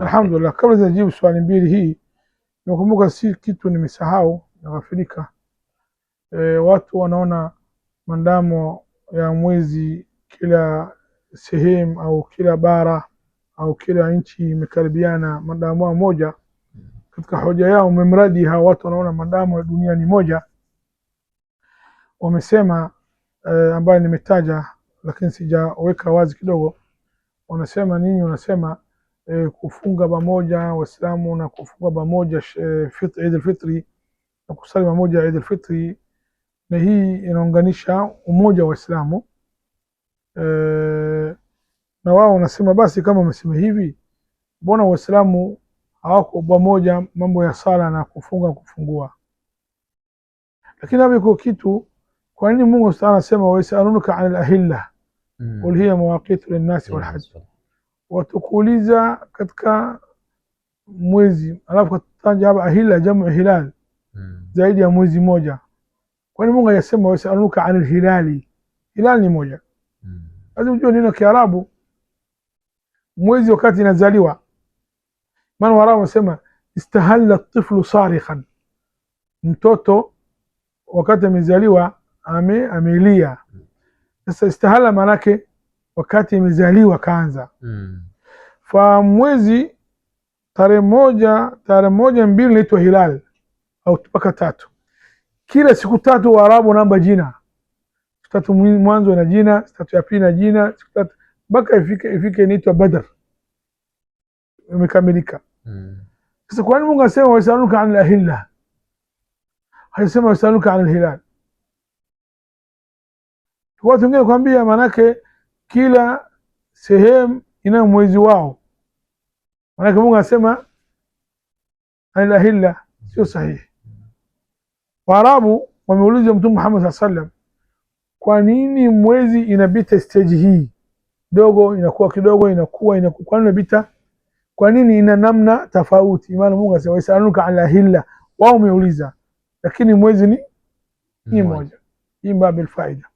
Alhamdulillah, kabla sijajibu swali mbili hii, nakumbuka si kitu nimesahau, naghafilika. E, watu wanaona mandamo ya mwezi kila sehemu au kila bara au kila nchi imekaribiana mandamo moja katika hoja yao, memradi hawa watu wanaona mandamo ya dunia ni moja, wamesema e, ambayo nimetaja lakini sijaweka wazi kidogo, wanasema nini? wanasema e, kufunga pamoja Waislamu na kufunga pamoja eh, Eid al-Fitri na kusali pamoja Eid al-Fitri, na hii inaunganisha umoja wa Waislamu e, na wao wanasema basi, kama wamesema hivi, mbona Waislamu hawako pamoja mambo ya sala na kufunga kufungua? Lakini hapo iko kitu. Kwa nini Mungu Subhanahu anasema waisalunka anil ahilla mm. qul hiya mawaqitu linnasi mm watu kuuliza katika mwezi, alafu kataja hapa hila jamu hilal mm. zaidi ya mwezi moja, kwani Mungu anasema wasaluka anil hilali, hilal ni moja mm. lazima ujue neno Kiarabu mwezi wakati inazaliwa, maana Waarabu wanasema istahalla tiflu sarikhan, mtoto wakati amezaliwa ame amelia. Hmm. Sasa istahala maanake wakati imezaliwa kanza mm. fa mwezi tarehe moja tarehe moja mbili inaitwa hilal au mpaka tatu. Kila siku tatu Waarabu namba jina siku tatu, mwanzo na jina siku tatu ya pili na jina siku tatu mpaka ifike ifike inaitwa Badr imekamilika. Mm. Sasa mm. kwani Mungu asema wasaluka an lahilla, hasema wasaluka an lhilal. Watu wengine kwambia maanake kila sehemu ina mwezi wao. Maanake Mungu anasema alahilla, sio sahihi. Waarabu wameuliza Mtume Muhammad saa sallam, kwa nini mwezi inapita stage hii dogo, inakuwa kidogo, inakuwa inakuwa, kwa nini inapita? Kwa nini ina namna tofauti? Maana Mungu anasema wasaluka ala hilla, wao wameuliza, lakini mwezi ni ni moja. Hii babil faida